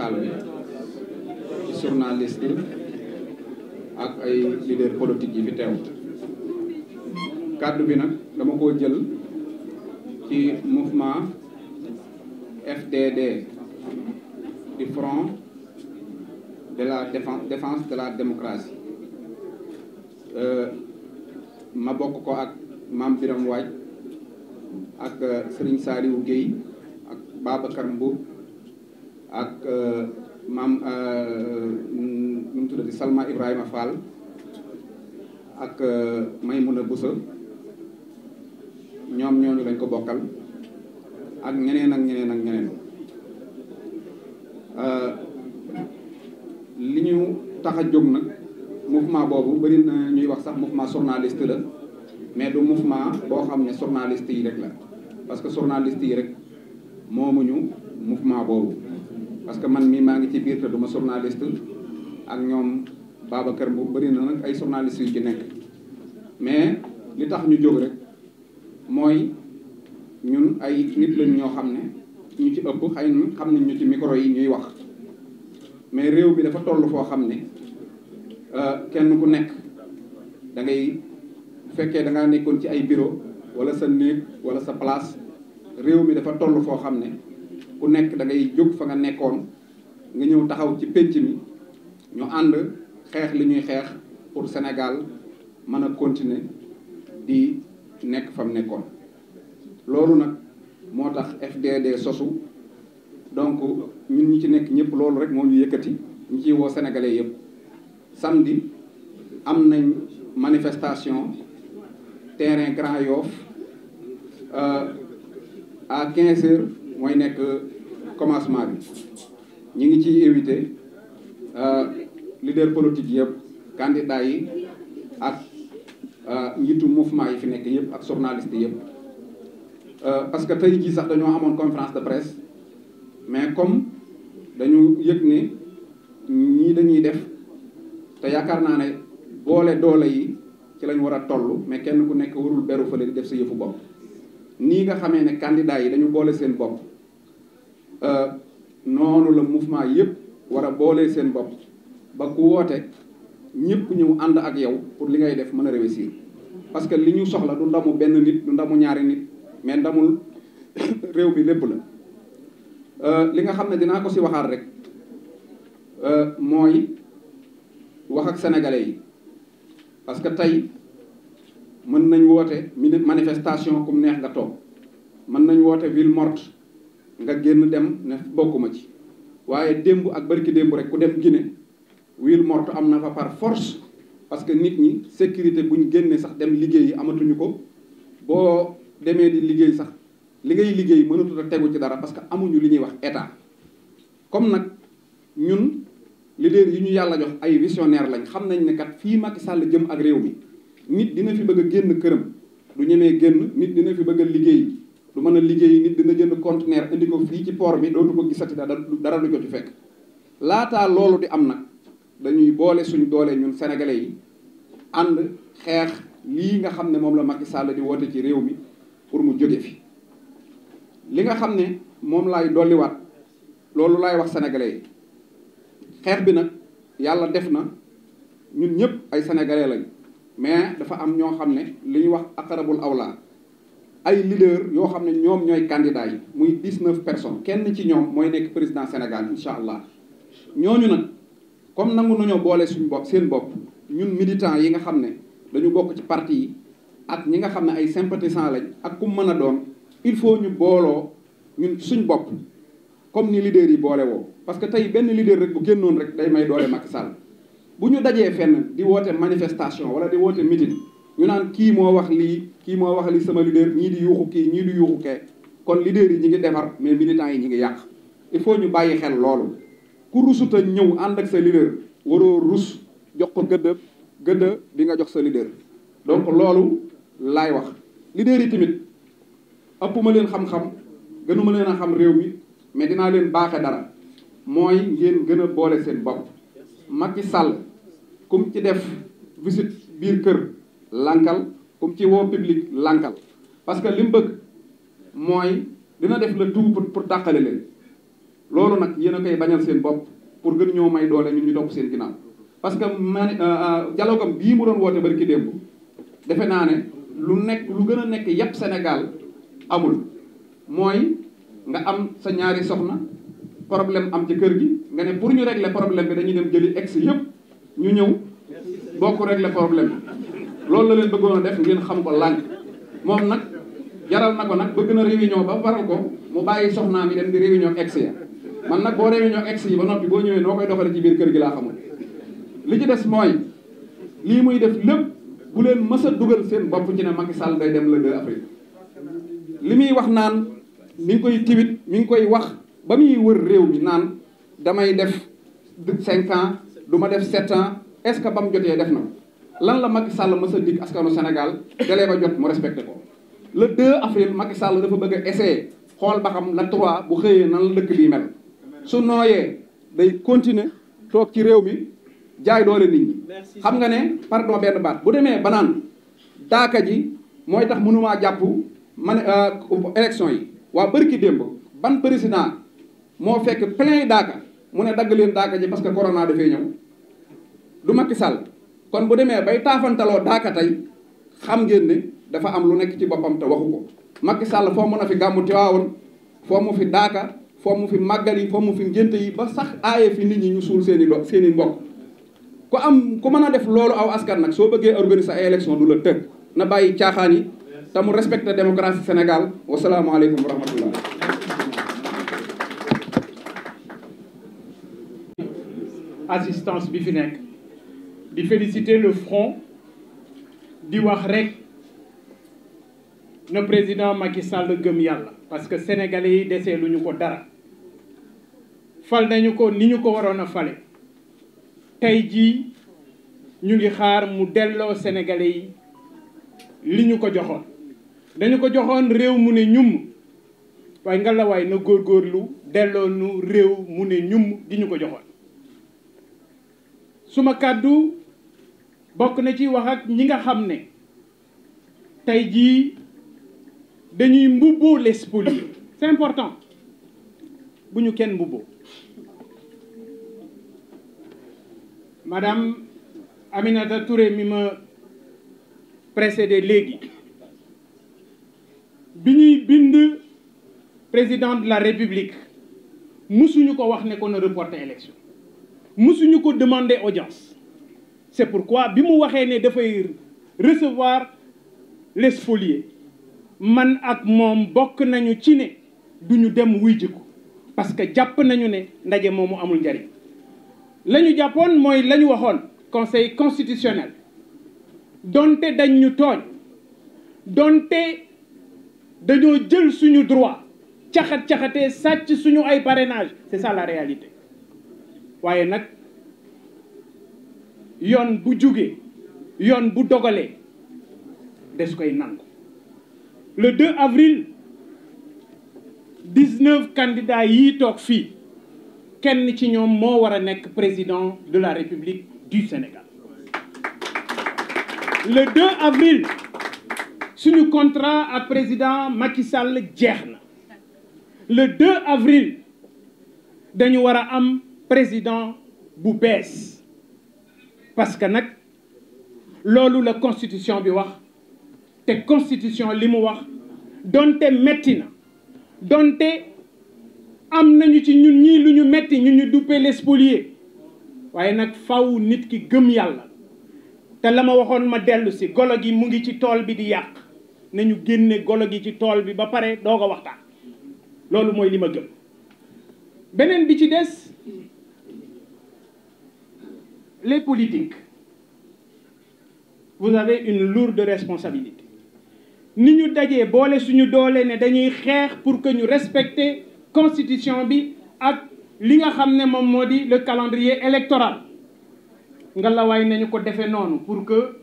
Saalum ci journaliste ak ay leader politique yi fi teew kàddu bi nag dama ko jël ci mouvement FDD di front de la défense de la démocratie euh, ma bokk ko ak Mame Birame Waaj ak euh, Serigne Saliou Guèye ak Babacar Mbour ak euh, maam euh, euh, nu mu ci Salma Ibrahima Fall ak Maymuna Busa ñoom ñooñu lañ ko bokkal ak ñeneen ak ñeneen ak ñeneen li ñu taxa jóg nag mouvement boobu bëri na ñuy wax sax mouvement journaliste la mais du mouvement boo xam ne journaliste yi rek la parce que journaliste yi rek moomuñu mouvement boobu parce que man mii maa ngi ci biir te du ma journaliste ak ñoom Babacar bu bëri na nag ay journaliste yu ci nekk mais li tax ñu jóg rek mooy ñun ay nit lañ ñoo xam ne ñu ci ëpp xay na xam nañ ñu ci micro yi ñuy wax mais réew bi dafa toll foo xam ne euh, kenn ku nekk da ngay fekkee da ngaa nekkoon ci ay bureau wala sa néeg wala sa place réew mi dafa toll foo xam ne ku nekk da ngay jóg fa nga nekkoon nga ñëw taxaw ci pénc mi ñu ànd xeex li ñuy xeex pour senegal mën a continuer di nekk fa mu nekkoon loolu nag moo tax FDD sosu donc ñun ñu ci nekk ñëpp loolu rek moo ñu yëkkati ñu ciy woo sénégalais yëpp samedi am nañ manifestation terrain Grand Yoff euh, à 15 heures mooy nekk commencement bi ñi ngi ciy invité euh, leader politique yëpp candidat yi ak euh, njiitu mouvement yi fi nekk yëpp ak journaliste yëpp euh, parce que tey jii sax dañoo amoon conférence de presse mais comme dañu yëg ni ñii dañuy def te yaakaar naa ne boole doole yi ci lañ war a toll mais kenn ku nekk warul beru fële di def sa yëfu bopp nii nga xamee ne kandidaa yi dañu boole seen bopp Euh, noonu la mouvement yëpp war a boolee seen bopp ba ku woote ñëpp ñëw ànd ak yow pour li ngay def mën a réussir parce que li ñu soxla du ndamu benn nit du ndamu ñaari nit mais ndamul réew mi lépp la euh, li nga xam ne dinaa ko si waxaat rek euh, mooy wax ak sénégalais yi parce que tey mën nañ woote manifestation kum neex nga toog mën nañ woote ville morte nga génn dem ne bokkuma ci waaye démb ak barki démb rek ku dem Guinée Ville morte am na fa par force parce que nit ñi sécurité bu ñu génnee sax dem liggéey yi amatuñu ko boo demee di liggéey sax li ngay liggéey mënatut a tegu ci dara parce que amuñu li ñuy wax état comme nag ñun leader yi ñu yàlla jox ay visionnaire lañ xam nañ ne kat fii Macky Sall jëm ak réew mi nit dina fi bëgg a génn këram du ñemee génn nit dina fi bëgg a liggéey du mën a liggéey nit dina jënd conteneur indi ko fii ci poor bi dootu ko gisati dara dara du jot ci fekk laataa loolu di am nag dañuy boole suñ doolee ñun sénégalais yi ànd xeex lii nga xam ne moom la Macky Sall di woote ci réew mi pour mu jóge fi li nga xam ne moom laay dolliwaat loolu laay wax sénégalais yi xeex bi nag yàlla def na ñun ñëpp ay sénégalais lañ mais dafa am ñoo xam ne li ñuy wax aw laa ay leader yoo xam ne ñoom ñooy candidats yi muy dix neuf personnes kenn ci ñoom mooy nekk président Sénégal incha allah ñooñu nag comme nangu nañoo boole suñu bopp seen bopp ñun militants yi nga xam ne dañu bokk ci parti yi ak ñi nga xam ne ay sympathisants lañ ak ku mën a doon il faut ñu booloo ñun suñ bopp comme ni leader yi boole woo parce que tey benn leader rek bu génnoon rek day may doole Macky Sall bu ñu dajee fenn di woote manifestation wala di woote meeting ñu naan kii moo wax lii kii moo wax lii sama leader ñii di yuuxu kii ñii di yuuxu kee kon leader yi ñi ngi defar mais militants yi ñi ngi yàq il faut ñu bàyyi xel loolu ku rusut ñëw ànd ak sa leader waroo rus jox ko gëdd gëdd bi nga jox sa leader donc loolu laay wax leader yi tamit ëppuma leen xam-xam gënuma leen a xam réew mi mais dinaa leen baaxe dara mooy ngeen gën a boole seen bopp Macky sal kum ci def visite biir kër lànkal kum ci woo public lànkal parce que lim bëgg mooy dina def le tout pour pour tàqale leen loolu nag yéen a koy bañal seen bopp pour gën ñëw may doole ñun ñu topp seen ginnaaw parce que mani euh, euh, dialogue bii mu doon woote bari ki démb defe naa ne lu nekk lu gën a nekk yépp senegal amul mooy nga am sa ñaari soxna problème am ci kër gi nga ne pour ñu régler problème bi dañuy dem jëli ex yépp ñu ñëw bokk régler problème loolu la leen bëggoon a def ngeen xam ko lànk moom nag jaral na ko nag bëgg na réunion ba waral ko mu bàyyi soxnaa mi dem di réunion ex ya man nag boo réunion ex yi ba noppi boo ñëwee noo koy doxale ci biir kër gi laa xamul li ci des mooy lii muy def lépp bu leen mës dugal seen bopp ci ne Macky Sall day dem le 2 avril li muy wax naan mi ngi koy tiwit mi ngi koy wax ba muy wër réew mi naan damay def cinq ans du ma def sept ans est-ce que ba mu jotee def na lan la Macky Sall mës a dig askanu senegal dalee ma jot mu respecté ko le 2 avril Macky Sall dafa bëgg a xool ba xam la 3 bu xëyee nan la bii mel su nooyee day continuer toog ci réew mi jaay doole nit ñi xam nga ne pardon benn baat bu demee ba naan daaka ji mooy tax mënumaa jàpp man euh, élection yi waa bërki démb ban naa moo fekk plein daaka mu ne dagg leen daaka ji parce que corona dafay ñëw du Macky Sall kon bu demee bay taafantaloo daaka tey xam ngeen dafa am lu nekk ci boppam te waxu ko Macky Sall foo mën a fi gàmmu Tiwaawoon foo mu fi daaka foo mu fi yi foo mu fi yi ba sax aaye fi nit ñi ñu suul seeni i do seen mbokk ku am ku mën a def loolu aw askan nag soo bëggee organiser ay élection du la tëg na bàyyi caaxaan yi te mu respecté démocratie Sénégal wasalaamualeykum wa rahmatullah assistance bi fi nekk di féliciter le front di wax rek na président Macky Sall gëm yàlla parce que sénégalais yi desee lu ñu ko dara fal nañu ko ni ñu ko waroon a fale tey jii ñu ngi xaar mu delloo sénégalais yi li ñu ko joxoon dañu ko joxoon réew mu ne ñum waaye nga la waay na góorgóorlu delloo nu réew mu ne ñum di ñu ko joxoon suma kàddu bokk na ci wax ak ñi nga xam ne tey jii dañuy mbubboo les pollués c'est important bu ñu kenn mbubboo madame Aminata Touré mi ma léegi bi ñuy bind président de la république musuñu ko wax ne ko na reporter élection musuñu ko demander audience c'est pourquoi bi mu waxee ne dafay recevoir les spoliés man ak moom bokk nañu ci ne duñu dem wuy jiko parce que jàpp nañu ne ndaje mu amul njariñ la ñu jàppoon mooy la ñu waxoon conseil constitutionnel donte dañ ñu tooñ donte dañoo jël suñu droit caxat-caxatee sàcc suñu ay parrainage c'est ça la réalité waaye nag yoon bu jugee yoon bu dogalee des koy nangu le 2 avril 19 candidats yii toog fii kenn ci ñoom moo war a nekk président de la République du Sénégal le 2 avril suñu contrat ak président Macky Sall jeex na le 2 avril dañu war a am président bu bees parce que nag loolu la constitution bi wax te constitution li mu wax donte metti na donte am nañu ci ñun ñii lu ñu metti ñu ñu duppee les spoliés waaye nag fawu nit ki gëm yàlla te la ma waxoon ma dellusi si golo gi mu ngi ci tool bi di yàq nañu génne golo gi ci tool bi ba pare doog a waxtaan loolu mooy li ma gëm beneen bi ci des les politiques vous avez une lourde responsabilité ni ñu dajee boole suñu doole ne dañuy xeex pour que ñu respecter constitution bi ak li nga xam ne moom moo di le calendrier électoral nga la nañu ko defee noonu pour que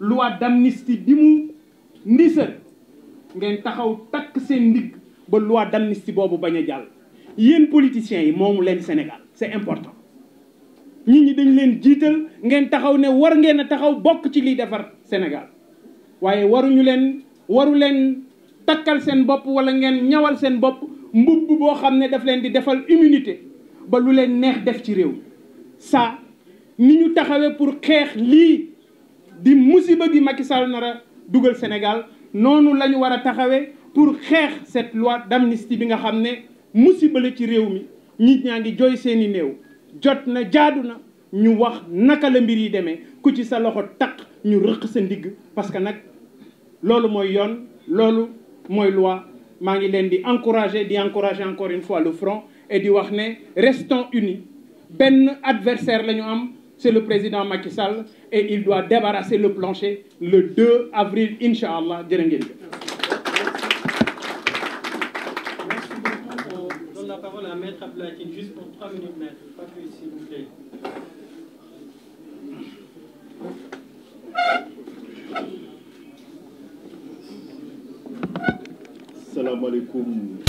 loi d'amnistie bi mu ndisal ngeen taxaw takk seen ndigg ba loi d'amnistie boobu bañ a jàll yéen politiciens yi moomu leen Sénégal c'est important nit ñi dañ leen jiital ngeen taxaw ne war ngeen taxaw bokk ci liy defar Sénégal waaye waruñu leen waru leen takkal seen bopp wala ngeen ñawal seen bopp mbubb boo xam ne daf leen di defal immunité ba lu leen neex def ci réew saa ni ñu taxawee pour xeex lii di musiba gi Macky Sall nar a dugal Sénégal noonu lañu ñu war a taxawee pour xeex cette loi d'amnistie bi nga xam ne musiba la ci réew mi nit ñaa ngi jooy seeni néew jot na jaadu na ñu wax naka la mbir yi demee ku ci sa loxo taq ñu rëq sa ndigg parce que nag loolu mooy yoon loolu mooy loi maa ngi leen di encourager di encourager encore une fois le front et di wax ne restons unis benn adversaire la ñu am c'est le président Macky et il doit débarrasser le plancher le 2 avril incha allah jërë ngeen la maître Abdelatine juste pour 3 minutes, maître. Patrice, s'il vous plaît. Salaamaaleykum.